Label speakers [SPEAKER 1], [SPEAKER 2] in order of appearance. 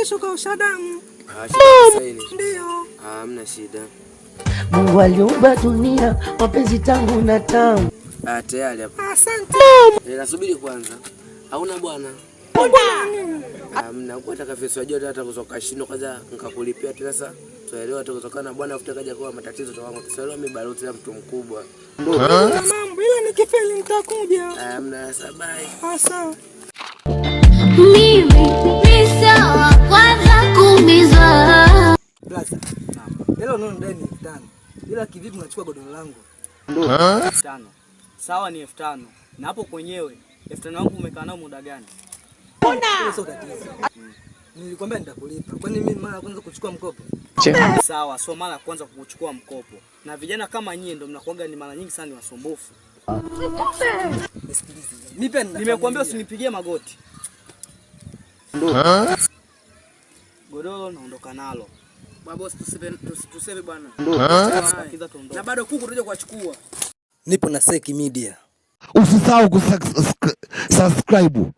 [SPEAKER 1] kesho kaosha damu. Ndio.
[SPEAKER 2] Hamna shida.
[SPEAKER 3] Mungu aliumba dunia, mapenzi tangu na tangu.
[SPEAKER 2] Ah, tayari
[SPEAKER 1] hapo. Asante.
[SPEAKER 2] Nasubiri kwanza. Hauna bwana. Hamna, kwa atakavyosajia hata kuzoka shindo kwanza nikakulipia tu sasa. Tuelewa tu kutokana na bwana afuta kaja kwa matatizo tu wangu. Tuelewa mimi bado tena mtu mkubwa.
[SPEAKER 1] Ndio. Mambo ile nikifeli nitakuja.
[SPEAKER 2] Hamna, sabai.
[SPEAKER 1] Asante.
[SPEAKER 4] leo ndani ni elfu tano ila kivipi unachukua godoro langu? elfu tano sawa, ni elfu tano na hapo kwenyewe elfu tano yangu umekaa nao muda gani? Nilikwambia nitakulipa. Kwani mimi mara kwanza kuchukua mkopo? Sawa, sio mara kwanza kuchukua mkopo, na vijana kama nyinyi ndio mnakuaga ni mara nyingi sana ni wasumbufu. Nimekuambia usinipigie magoti. Godoro naondoka nalo. Na bado kuku tunaje kuwachukua.
[SPEAKER 5] Nipo na Sek Media. Usisahau kusubscribe.